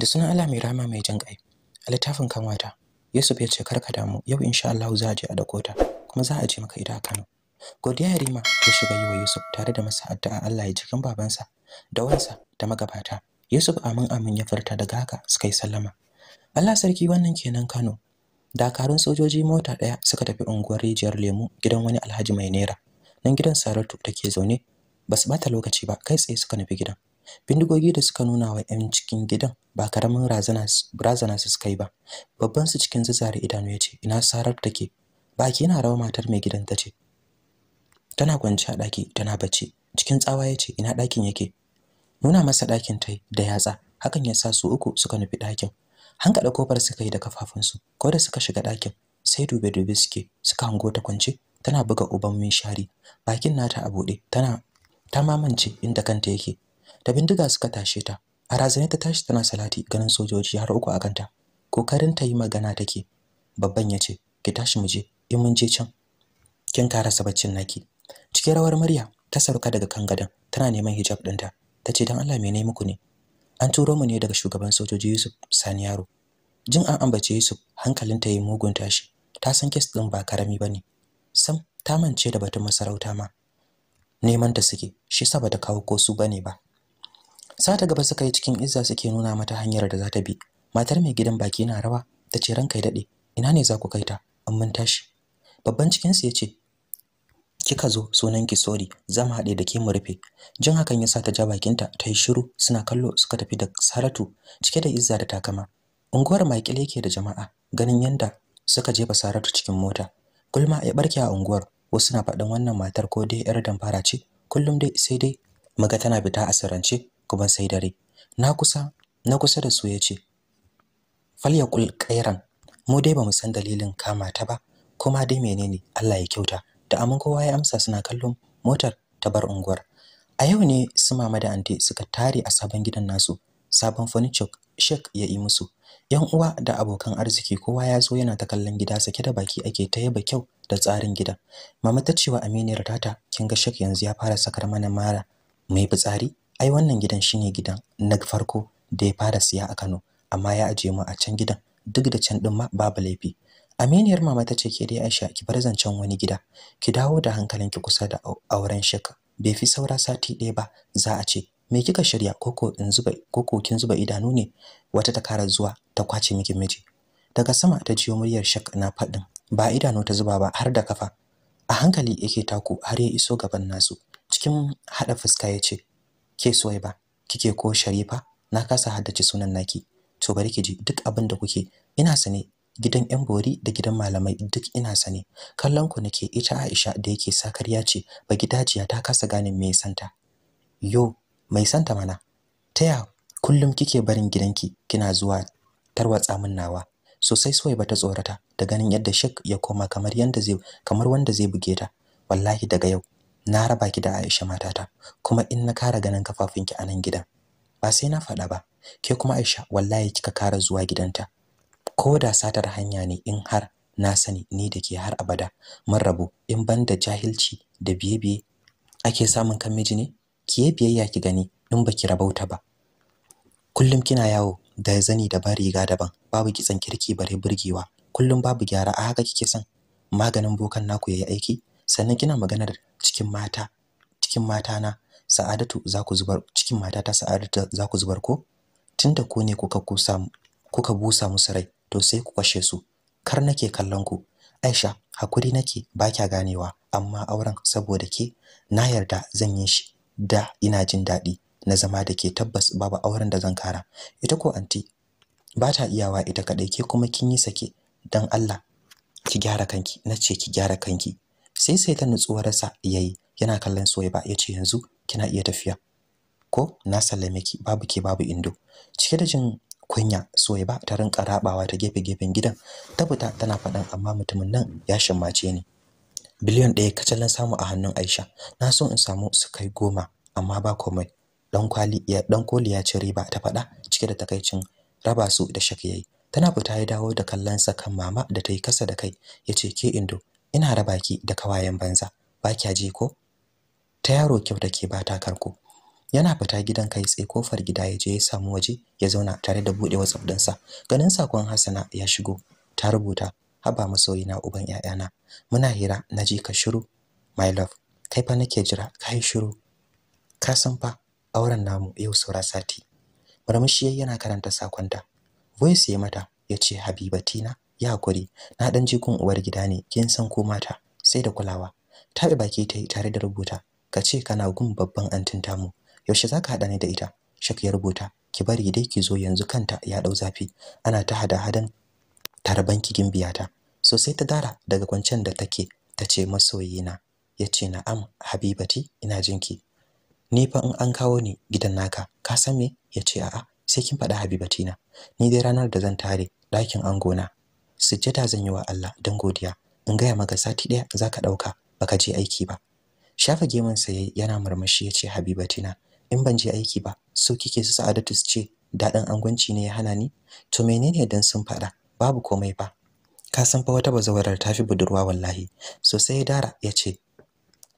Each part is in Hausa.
da sunan Allah mai rama mai jin kai a littafin kanwata Yusuf ya ce karka damu yau insha Allah za a je a da ta kuma za a je maka ida Kano godiya Rima ya shiga yi wa Yusuf tare da masa addu'a Allah ya cikin babansa da wansa da magabata Yusuf amin amin ya furta daga haka suka yi sallama Allah sarki wannan kenan Kano dakarun sojoji mota daya suka tafi unguwar rijiyar lemu gidan wani alhaji mai nera nan gidan Saratu take zaune basu bata lokaci ba kai tsaye suka nufi gidan bindigogi da suka nuna wa 'yan cikin gidan ba karamin razana su suka yi ba babban su cikin zazzare idanu ya ce ina sarar take baki yana rawa matar mai gidan ta ce tana kwance a ɗaki tana bacci cikin tsawa ya ce ina ɗakin yake nuna masa ɗakin ta da yatsa hakan ya sa su uku suka nufi ɗakin hankaɗa kofar suka yi da kafafunsu ko da suka shiga ɗakin sai dube-dube suke suka hango ta kwance tana buga uban min shari bakin nata a buɗe tana ta mamance inda kanta yake da bindiga suka tashe ta a razane ta tashi tana salati ganin sojoji har uku a kanta kokarin ta yi magana take babban ya ce ki tashi mu je in mun je can kin karasa baccin naki cikin rawar murya ta sauka daga kan gadon tana neman hijab ɗinta ta ce don Allah me ne muku ne an turo mu ne daga shugaban sojoji Yusuf Sani Yaro jin an ambace Yusuf hankalin ta yin mugun tashi ta san kes din ba karami bane sam ta mance da batun masarauta ma neman ta suke shi sa bata kawo ko su bane ba sata gaba suka yi cikin izza suke nuna mata hanyar da za ta bi matar mai gidan baki na rawa ta ce ranka ya dade ina ne za ku kai ta in mun tashi babban cikin su ya ce. kika zo sunan ki sori. za haɗe da ke mu rufe jin hakan ya sa ta ja bakinta ta yi shiru suna kallo suka tafi da saratu cike da izza da takama unguwar maikil yake da jama'a ganin yanda suka jefa saratu cikin mota gulma ya barke a unguwar wasu na faɗin wannan matar ko dai yar damfara ce kullum dai sai dai maga tana fita a sirance kuma sai dare na kusa na kusa da su yace falyakul qairan mu dai bamu san dalilin kama ta ba kuma dai menene Allah ya kyauta da amin kowa ya amsa suna kallon motar ta bar unguwar a yau ne su mama da anti suka tare a sabon gidan nasu sabon furniture shek ya yi musu yan uwa da abokan arziki kowa ya zo yana ta kallon gida sake da baki ake ta yaba kyau da tsarin gida. mama ta cewa aminiyar tata kin ga shek yanzu ya fara sakar mana mara mai fitsari ai wannan gidan shine gidan na farko da ya fara siya a Kano amma ya aje mu a can gidan duk da can din ma babu laifi Aminiyar mama ta ce ke dai Aisha ki bar zancen wani gida ki dawo da hankalinki kusa da auren shika bai fi saura sati ɗaya ba za a ce me kika shirya koko in zuba koko kin zuba idanu ne wata ta kara zuwa ta kwace miki miji daga sama ta jiyo muryar shak na faɗin ba idanu ta zuba ba har da kafa a hankali yake taku har ya iso gaban nasu cikin hada fuska ya ce ke Suwaiba kike ko Sharifa na kasa haddace sunan naki to bari ki ji duk abin da kuke ina sane gidan yan bori da gidan malamai duk ina sane kallon ku nake ita Aisha da yake sakarya ce ba gidajiya ta kasa gane me santa yo mai santa mana taya kullum kike barin gidanki kina zuwa tarwatsa min nawa sosai ba ta tsorata da ganin yadda Shek ya koma kamar yanda zai kamar wanda zai buge ta wallahi daga yau na raba ki da Aisha matata kuma in na kara ganin kafafunki a nan gidan ba sai na faɗa ba ke kuma Aisha wallahi kika kara zuwa gidanta ko da satar hanya ne in har na sani ni da ke har abada mun rabu in ban da jahilci da biye-biye ake samun kan miji ne ki biyayya ki gani in baki rabauta ba kullum kina yawo da zani daban riga daban babu kitsan kirki bare burgewa kullum babu gyara a haka kike son maganin bokan naku yayi aiki sannan kina magana cikin mata cikin mata na Sa'adatu za ku zubar cikin matata Sa'adatu za ku zubar ko tunda ku ne kuka kusa kuka busa musu rai to sai ku kwashe su kar nake kallon ku Aisha hakuri nake ba kya ganewa amma auren saboda ke na yarda zan yi shi da ina jin daɗi na zama da ke tabbas babu auren da zan kara ita ko anti ba ta iyawa ita kadai ke kuma kin yi sake dan Allah ki gyara kanki nace ki gyara kanki sai sai ta nutsuwarsa yayi yana kallon Suwaiba yace yanzu kina iya tafiya ko na sallame ki babu ke babu indo cike da jin kunya Suwaiba ta rinka rabawa ta gefe-gefen gidan ta fita tana faɗan amma mutumin nan ya shimmace ni Biliyon ɗaya kacalan samu a hannun Aisha na so in samu su kai goma amma ba komai dan kwali ya dan koli ya ci riba ta faɗa cike da takaicin raba su da shakiyai tana fita ya dawo da kallon sa kan mama da ta yi kasa da kai yace ke indo ina da baki da kawayen banza ba kya ji ko ta yaro kyau take ba ta karko yana fita gidan kai sai kofar gida ya je ya samu waje ya zauna tare da bude WhatsApp dinsa ganin sakon Hassana ya shigo ta rubuta haba na uban 'ya'yana. muna hira na ka shiru my love kai fa nake jira kai shiru ka san fa auren namu yau saura sati murmushi yana karanta sakonta voice ya mata ya ce habibatina ya hakuri na dan jikun uwar gida ne kin san ko mata sai da kulawa tabe baki ta yi tare da rubuta ka ce kana gun babban antin tamu yaushe zaka hada ni da ita shak ya rubuta ki bari dai ki zo yanzu kanta ya dau zafi ana ta hada hadan tarban ki biyata so sai ta dara daga kwancen da take tace masoyina yace na'am habibati ina jinki ni fa in an kawo ni gidan naka ka san me yace a'a sai kin faɗa habibati na ni dai ranar da zan tare ɗakin angona sujjada zan yi wa Allah don godiya in gaya maka sati ɗaya za ka ɗauka baka je aiki ba shafa geman saye yana murmushi ya ce habibatina in ban je aiki ba so kike su sa'adatu su ce daɗin angwanci ne ya hana ni to menene dan sun faɗa babu komai ba ka san fa wata bazawarar tafi budurwa wallahi so sai dara ya ce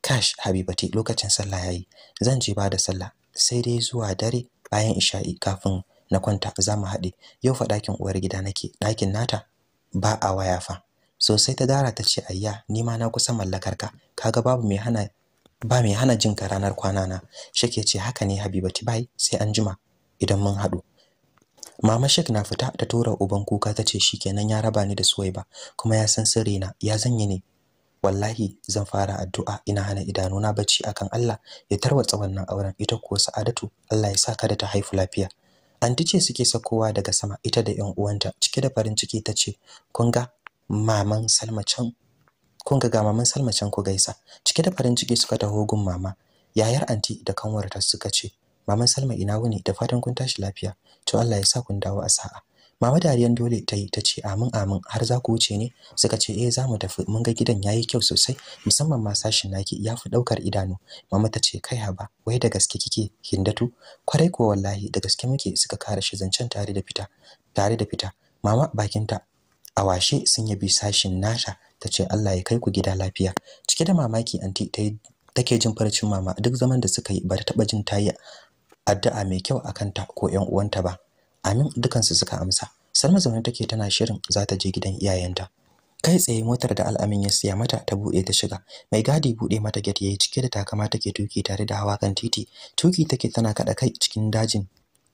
kash habibati lokacin sallah yayi zan je ba da sallah sai dai zuwa dare bayan isha'i kafin na kwanta za mu haɗe yau fa ɗakin uwar gida nake ɗakin nata ba a waya fa sosai ta dara ta ce ayya ni ma na kusa mallakar ka kaga babu mai hana ba mai hana jin ka ranar kwana na shake ce haka ne habibati bai sai an jima idan mun hadu. mama shek na fita ta tura uban kuka ta ce shikenan ya raba ni da ba kuma ya san sirri na ya zanyi ne wallahi zan fara addu'a ina hana idanuna bacci akan Allah ya tarwatsa wannan auren ita ko sa'adatu Allah ya saka da ta haifu lafiya anti ce suke sakowa daga sama ita da ƴan uwanta cike da farin ciki ta kun ga maman Salma can kun ga maman Salma can ku gaisa cike da farin ciki suka taho gun mama yayar anti da kanwarta suka ce maman Salma ina wuni da fatan kun tashi lafiya to Allah ya sa kun dawo a sa'a mama dariyan dole ta yi ta ce amin amin har za ku wuce ne suka ce eh za mu tafi mun ga gidan yayi kyau sosai musamman ma sashin naki ya fi daukar idanu mama ta ce kai haba wai da gaske kike hindatu kwarai ko wallahi da gaske muke suka kare shi zancen tare da fita tare da fita mama bakinta a washe sun yabi sashin nasha ta ce Allah ya kai ku gida lafiya cike da mamaki anti ta take jin farcin mama duk zaman da suka yi ba ta taba jin tayi addu'a mai kyau akan ta ko ƴan uwanta ba amin dukansu suka amsa salma zaune take tana shirin za ta je gidan iyayenta kai tsaye motar da al'amin ya siya mata ta buɗe ta shiga mai gadi buɗe mata gate yayi cike da takama take tuki tare da hawa kan titi tuki take tana kada kai cikin dajin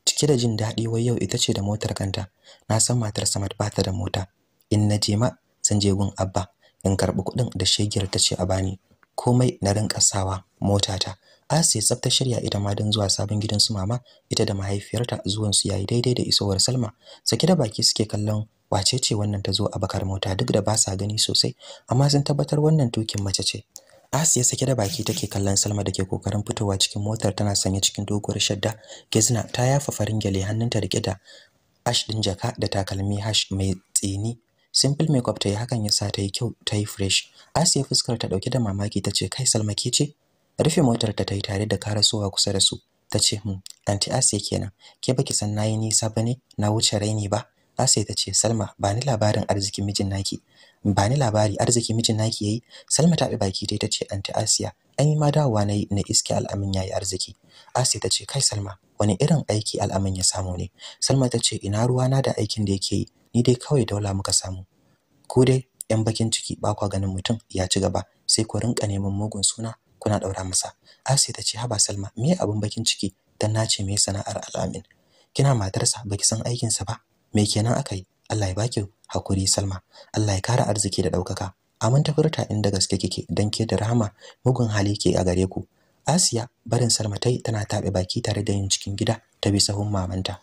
cike da jin daɗi wai yau ita ce da motar kanta na san matar samad ba ta da mota in na je ma san je gun abba in karɓi kuɗin da shegiyar ta ce a bani komai na rinka sawa motata Asiya tsafta shirya ita ma don zuwa sabon gidan su mama ita da mahaifiyarta zuwan su yayi daidai da isowar Salma. Sake da baki suke kallon wace ce wannan ta zo a bakar mota duk da ba sa gani sosai amma sun tabbatar wannan tukin mace ce. Asiya sake da baki take kallon Salma da ke kokarin fitowa cikin motar tana sanye cikin doguwar shadda. Gizna ta yafa farin gyale hannunta riƙe da ash ɗin jaka da takalmi hash mai tsini. Simple makeup ta yi hakan ya sa ta yi kyau ta yi fresh. Asiya fuskar ta ɗauke da mamaki ta ce kai Salma ke ce? rufe motar ta tayi tare da karasowa kusa da su tace hmm anti Asiya kenan ke baki san nayi nisa bane na wuce raini ba Asiya tace Salma ba ni labarin arziki mijin naki ba ni labari arziki mijin naki yayi Salma ta baki tai tace anti Asiya an yi ma dawowa na na iske al'amin yayi arziki Asiya tace kai Salma wani irin aiki al'amin ya samu ne Salma tace ina ruwa na da aikin da yake yi ni dai kawai daula muka samu ku dai yan bakin ciki ba kwa ganin mutum ya ci gaba sai ku rinka neman mugun suna kuna daura masa Asiya ta ce haba Salma me abin bakin ciki dan nace me sana'ar Al'amin kina matarsa baki san aikin sa ba me kenan akai Allah ya baki hakuri Salma Allah ya kara arziki da daukaka aminta furta inda gaske kike dan ke da rahama mugun hali ke a gare ku Asiya barin Salma tai tana tabe baki tare da yin cikin gida ta bi sahun mamanta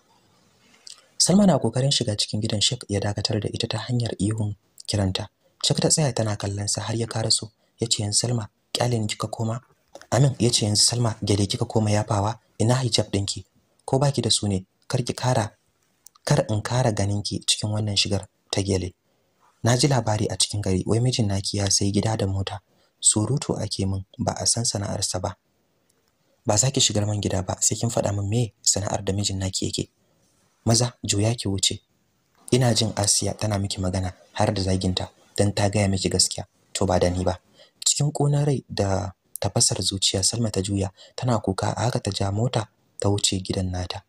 Salma na kokarin shiga cikin gidan Sheikh ya dakatar da ita ta hanyar ihun kiranta Sheikh ta tsaya tana kallon sa har ya karaso yace yan Salma kyale ni kika koma amin yace yanzu Salma gele kika koma yafawa ina hijab dinki ko baki da su ne kar ki kara kar in kara ganinki cikin wannan shigar ta gele na ji labari a cikin gari wai mijin naki ya sai gida da mota surutu ake min ba a san sana'ar sa ba ba za ki shigar man gida ba sai kin faɗa min me sana'ar da mijin naki yake maza juya ki wuce ina jin Asiya tana miki magana har da zaginta dan ta gaya miki gaskiya to ba da ni ba cikin ƙunar rai da tafasar zuciya Salma ta juya tana kuka a haka ta ja mota ta wuce gidan nata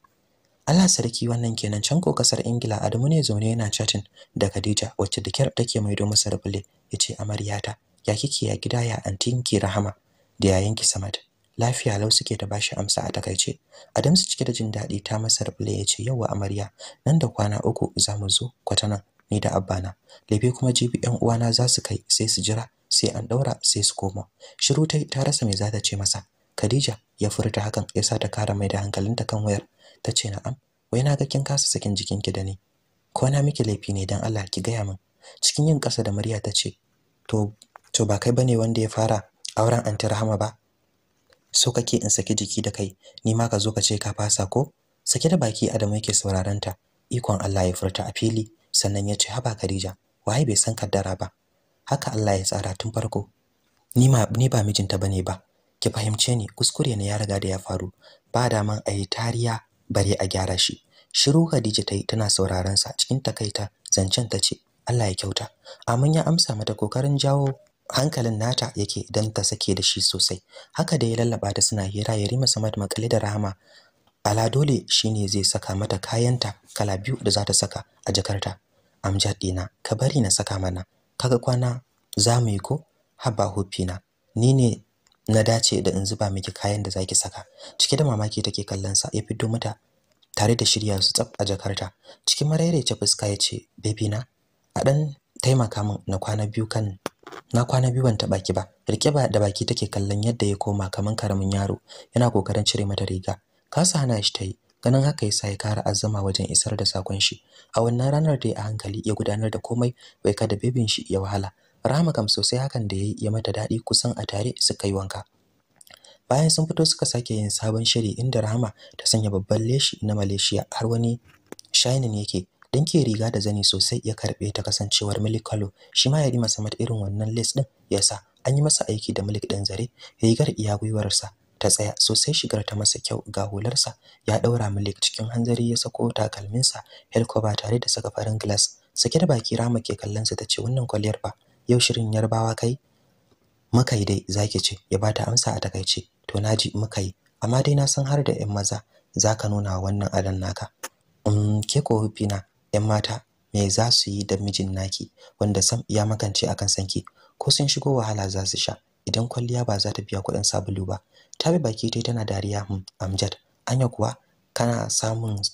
Allah sarki wannan kenan can ko kasar Ingila Adamu ne zaune yana chatting da Khadija wacce da kyar take maido masa rubule yace amaryata ya kike ya gida ya antinki Rahama da ki Samad lafiya lau suke ta bashi amsa a takaice Adamsu cike da jin daɗi ta masa rubule yace yawa amarya nan da kwana uku zamu zo kwatanan ni da abbana lebe kuma jibi yan uwana za su kai sai su jira sai an daura sai su koma shiru ta ta rasa me za ta ce masa Khadija ya furta hakan ya sa ta kara mai da hankalinta kan wayar ta ce na'am wai na ga kin kasa sakin jikinki da ni ko na miki laifi ne dan Allah ki gaya min cikin yin kasa da murya ta ce to to ba kai bane wanda ya fara auren anti Rahama ba so kake in saki jiki da kai ni ma ka zo ka ce ka fasa ko sake da baki Adamu yake sauraron ta ikon Allah ya furta a fili sannan ya ce haba Khadija waye bai san kaddara ba haka Allah ya tsara tun farko ni ma ni ba mijinta bane ba ki fahimce ni kuskure ne ya riga da ya faru ba daman a yi tariya bare a gyara shi shiru Khadija ta yi tana sauraron sa cikin takaita zancen ta ce Allah ya kyauta amin ya amsa mata kokarin jawo hankalin nata yake dan ta sake da shi sosai haka da ya lallaba ta suna hira ya rima samad makale da rahama ala dole shine zai saka mata kayanta kala biyu da za ta saka a jakarta amjad dina ka bari na saka mana kaga kwana za mu yi ko haba hufina ni ne na dace da in zuba miki kayan da zaki saka cike da mamaki take kallon sa ya fito mata tare da shirya su tsaf a jakarta cikin ce fuska ya ce baby na a dan taimaka min na kwana biyu kan na kwana biyu ban taba ki ba rike ba da baki take kallon yadda ya koma kaman karamin yaro yana kokarin cire mata riga kasa hana shi tayi ganin haka yasa ya kara azama wajen isar da sakon shi a wannan ranar da a hankali ya gudanar da komai bai kada bebin shi ya wahala Rahama kam sosai hakan da yayi ya mata daɗi kusan a tare suka yi wanka bayan sun fito suka sake yin sabon shiri inda Rahama ta sanya babban leshi na Malaysia har wani shining yake danke riga da zani sosai ya karbe ta kasancewar milik shi ma ya yi masa irin wannan lace din yasa an yi masa aiki da milik ɗin zare rigar iya gwiwarsa ta tsaya sosai shigar ta masa kyau ga hularsa ya daura milik cikin hanzari ya sako takalminsa helcover tare da saka farin glass sake da baki rama ke kallon sa tace wannan kwaliyar fa yau shirin yarbawa kai makai dai zaki ce ya bata amsa a takaice to naji makai amma dai na san har da yan maza zaka nuna wannan adan naka um ke ko hufina yan mata me za su yi da mijin naki wanda sam ya makance akan sanki ko sun shigo wahala za su sha idan kwalliya ba za ta biya kuɗin sabulu ba tabi baki tai tana dariya mm, amjad anya kuwa kana samun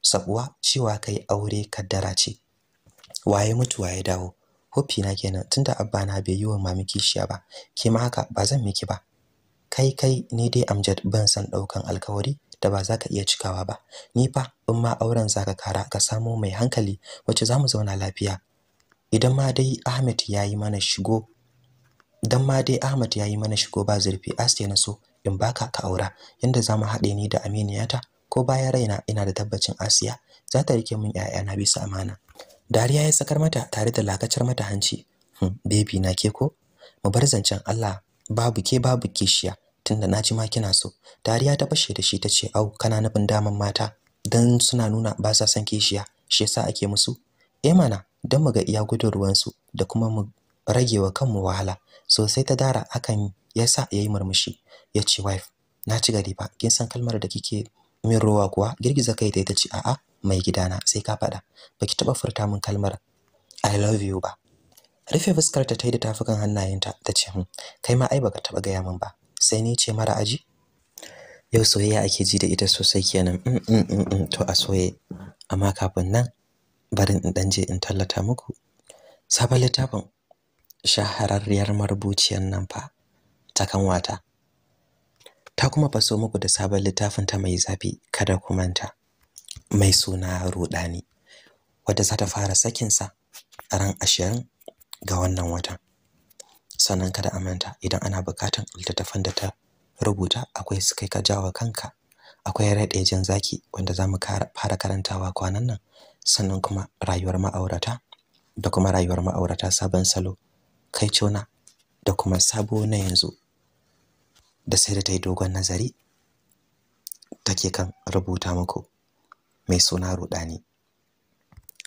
sabuwa cewa kai aure kaddara ce waye mutu waye dawo hofi na kenan tunda abba na bai yi wa mami kishiya ba ke ma haka ba zan miki ba kai kai ni dai amjad ban san daukan alkawari da ba za ka iya cikawa ba ni fa in ma auren zaka kara ka samo mai hankali wacce za mu zauna lafiya idan ma dai Ahmed yayi mana shigo dan ma dai Ahmed yayi mana shigo ba zurfi aste na so in baka ka aura yanda zamu haɗe ni da aminiyata ko bayan raina ina da tabbacin Asiya za ta rike min ƴaƴana bisa amana Dariya ya sakar mata tare da lakacar mata hanci hmm, baby na ke ko mu bar zancen Allah babu ke babu kishiya tunda na ji ma kina so Dariya ta fashe da shi tace au kana nufin daman mata dan suna nuna ba sa son kishiya shi yasa ake musu eh mana dan mu ga iya gudun ruwansu da kuma mu ragewa kanmu wahala sosai ta dara akan yasa yayi murmushi yace wife na ci gari ba kin san kalmar da kike min rowa kuwa girgiza kai ta tace a'a mai gidana sai ka faɗa baki taba furta min kalmar i love you ba rufe fuskar ta tayi da tafukan hannayenta ta ce min. Hmm, kai ma ai baka taba gaya min ba sai ni ce mara aji yau soyayya ake ji da ita sosai kenan mm mm mm, mm. to a soye amma kafin nan barin in danje in tallata muku sabon littafin shahararriyar marubuciyar nan fa ta kanwata ta kuma faso muku da sabon littafin ta mai zafi kada ku manta mai suna rudani wadda za ta fara sakin sa ran ashirin ga wannan watan sannan kada a manta idan ana bukatan littattafan da ta rubuta akwai su kai ka jawa kanka akwai jin zaki wanda za mu fara karantawa kwanan nan sannan kuma rayuwar ma'aurata da kuma rayuwar ma'aurata sabon salo kai cona da kuma sabo na yanzu da sai da ta yi dogon nazari take kan rubuta muku mai suna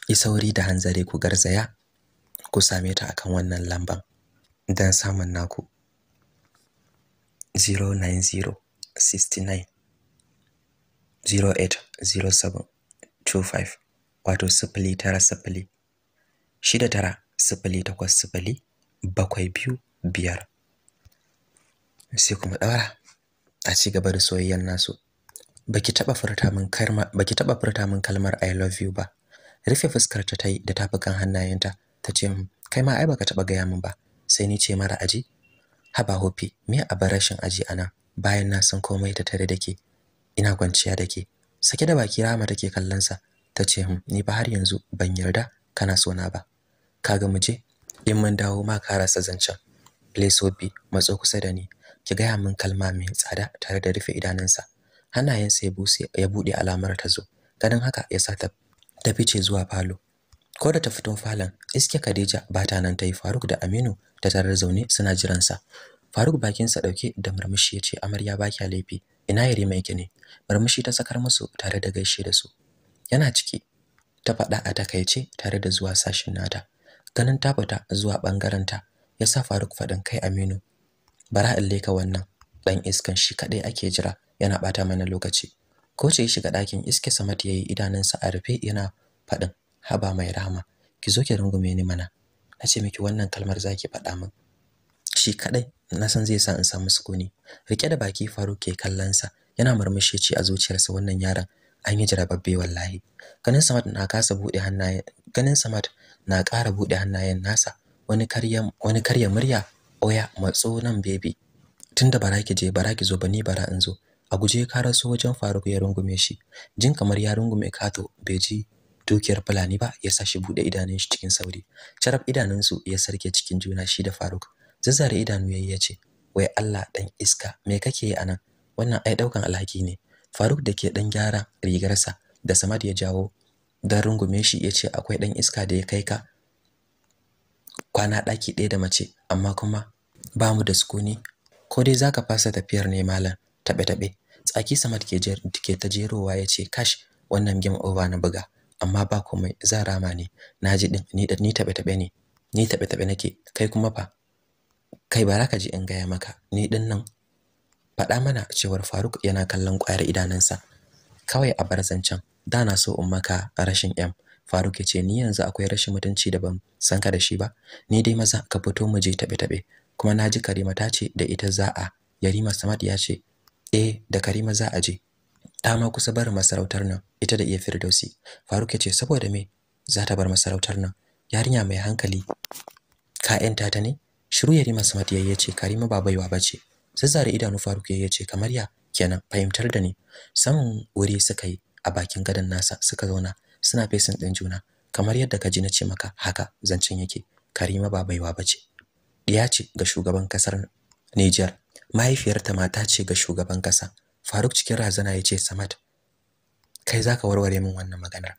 Yi sauri da hanzari ku garzaya ku same ta akan wannan lamban don samun naku 09069 wato sifili tara sifili shida tara sifili takwas sifili bakwai biyu biyar sai kuma ɗaura a ci gaba da soyayyen nasu baki taɓa furta min kalmar i love you ba rufe fuskar ta tai da tafi kan hannayenta ta ce kai ma ai baka taba gaya min ba sai ni ce mara aji haba hofi me a barashin aji ana bayan na san komai ta tare dake ina kwanciya da ke. sake da baki rama take kallon sa ta ce ni ba har yanzu ban yarda kana so na ba kaga mu je in mun dawo ma ka rasa zancen please matso kusa da ni ki gaya min kalma mai tsada tare da rufe idanunsa hannayensa ya buse ya buɗe alamar ta zo ganin haka ya sa ta fice zuwa falo ko da ta fito falon iske Khadija ba ta nan tayi Faruk da Aminu ta tarar zaune suna jiransa. Faruk bakinsa dauke da murmushi ya ce amarya ba kya laifi ina yare mai ne murmushi ta sakar musu tare da gaishe da su yana ciki ta faɗa a takaice tare da zuwa sashin nata ganin ta fita zuwa ɓangaren ta yasa Faruk faɗin kai Aminu bara in leka wannan dan iskan shi kadai ake jira yana bata mana lokaci ko ce ya shiga dakin iske samat yayi idanunsa a rufe yana fadin haba mai rahama ki zo ki rungume ni mana nace miki wannan kalmar zaki fada min shi kadai na san zai sa in samu sukuni rike da baki Faruk ke kallon yana murmushi ce a zuciyarsa wannan yaron an yi babbe wallahi ganin samat na kasa bude hannaye ganin samat na ƙara bude hannayen nasa wani karya wani karya murya oya matso nan baby tunda bara ki je bara ki zo ba ni bara in zo a guje ka raso wajen Faruk ya rungume shi jin kamar ya rungume Kato bai ji dukiyar Fulani ba ya sa shi bude idanun shi cikin sauri sharaf su ya sarke cikin juna shi da Faruk zazzare idanu yayi ya ce wai Allah dan iska me kake yi anan wannan ai daukan alhaki ne Faruk da ke dan gyara rigarsa da Samad ya jawo dan rungume shi ya ce akwai dan iska da ya kai ka kwana ɗaki ɗaya da mace amma kuma ba mu da sukuni ko dai zaka fasa tafiyar ne malam taɓe taɓe tsaki samad ke ta jerowa ya ce kash wannan game over na buga amma ba komai za rama ne naji din ni ni taɓe taɓe ne ni taɓe taɓe nake kai kuma fa kai ba ka ji in gaya maka ni din nan faɗa mana cewar Faruk yana kallon ƙwayar idanunsa kawai a bar zancen da na so in maka rashin 'yam. Faruk ya ce ni yanzu akwai rashin mutunci da ban san ka da shi ba. Ni dai maza ka fito mu je tabe tabe. Kuma naji Karima ta ce da ita za a. Yarima Samad ya ce eh da Karima za a je. Ta ma kusa bar masarautar nan ita da iya Firdausi. Faruk ya ce saboda me za ta bar masarautar nan? Yarinya mai hankali ka yanta ta ne? Shiru Yarima Samad ya ce Karima ba baiwa ba bace. Zazzare idanu Faruk ya ce kamar ya kenan fahimtar da ni. Samun wuri suka yi a bakin gadon nasa suka zauna suna fesin ɗin juna kamar yadda ka ji na ce maka haka zancen yake Karima ba baiwa ce. ɗiya ce ga shugaban kasar Niger mahaifiyarta mata ce ga shugaban ƙasa. Faruk cikin razana ya ce Samad kai zaka warware min wannan maganar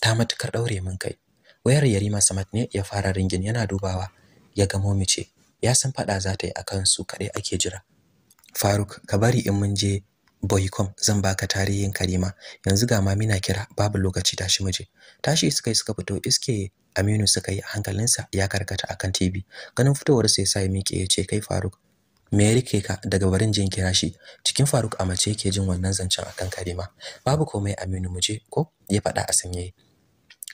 ta matukar ɗaure min kai wayar Yarima Samad ne ya fara ringin yana dubawa ya ga momice ya san faɗa za ta yi akan su kaɗai ake jira Faruk ka bari in mun je boycom zan baka tarihin Karima yanzu ga mami na kira babu lokaci tashi muje tashi suka yi suka fito iske Aminu suka yi hankalinsa ya karkata akan TV ganin fitowar sai sai miƙe ya ce kai Faruk me ya rike ka daga barin jin kira shi cikin Faruk a mace yake jin wannan zancen akan Karima babu komai Aminu muje ko ya faɗa a sanye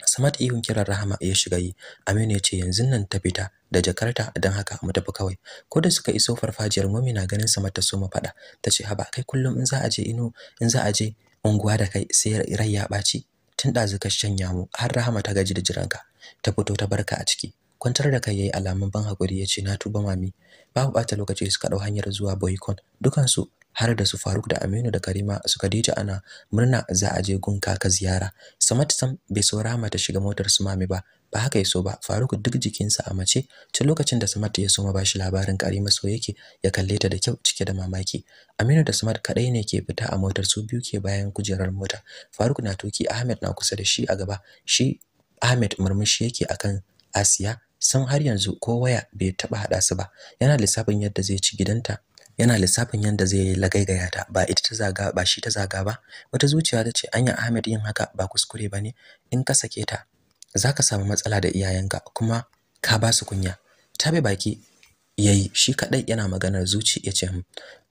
Samad ihun kiran Rahama ya shiga yi. Aminu ya ce yanzu nan ta fita da jakarta don haka mu tafi kawai. Ko da suka iso farfajiyar mami na ganin Samad ta so faɗa. Ta ce haba kai kullum in za a je ino in za a je unguwa da kai sai rai ya ɓaci. Tun ɗazu ka shanya mu har Rahama ta gaji da jiranka. Ta fito ta barka a ciki. Kwantar da kai yayi alamun ban hakuri ya ce na tuba mami. Babu ɓata lokaci suka ɗau hanyar zuwa Boycon. Dukansu har da su Faruk da Aminu da Karima su Khadija ana murna za a je gun kaka ziyara Samat sam bai so Rahama ta shiga motar su mami ba ba haka yaso ba Faruk duk jikinsa a mace tun lokacin da Samat ya soma bashi labarin Karima so yake ya kalle ta da kyau cike da mamaki Aminu da Samat kadai ne ke fita a motar su biyu ke bayan kujerar mota Faruk na tuki Ahmed na kusa da shi a gaba shi Ahmed murmushi yake akan Asiya san har yanzu ko waya bai taba hada su ba yana lissafin yadda zai ci gidanta yana lissafin yanda zai lagaigaya ta ba ita ta zaga ba shi ta zaga ba wata zuciya ta ce anya Ahmed yin haka ba kuskure ba ne in ka sake ta zaka samu matsala da iyayenka kuma ka ba su kunya ta bai baki yayi shi kadai yana maganar zuci ya ce hmm,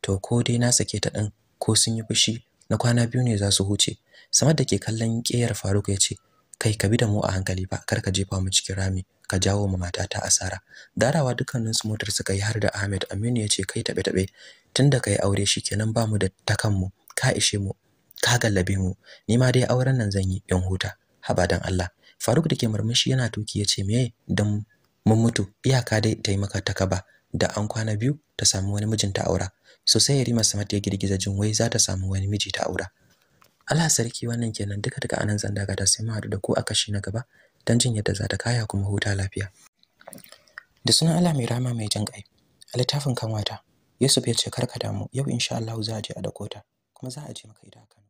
to ko dai na sake ta din ko sun yi fushi na kwana biyu ne za su huce samar da ke kallon ƙeyar Faruk ya ce kai ka bi da mu a hankali ba kar ka jefa mu cikin rami ka jawo ma matata asara darawa su motar suka yi har da Ahmed Aminu ya ce kai tabe tabe tunda kai aure shi shikenan ba mu da takanmu ka ishe mu ka gallabe mu ni ma dai auren nan zan yi in huta haba dan Allah Faruk dake murmushi yana tuki yace me dan mun mutu iyaka dai taimaka ta kaba da an kwana biyu ta samu wani mijin ta aura so sai Yarima Samat ya girgiza jin wai za ta samu wani miji ta aura Allah sarki wannan kenan duka duka anan zan daga da sai mu haɗu da ku a kashi na gaba don jin yadda za ta kaya kuma huta lafiya da sunan Allah mai rama mai jin kai a littafin kanwata Yusuf ya ce kar ka damu yau insha Allah za a je a dako ta kuma za a je maka idan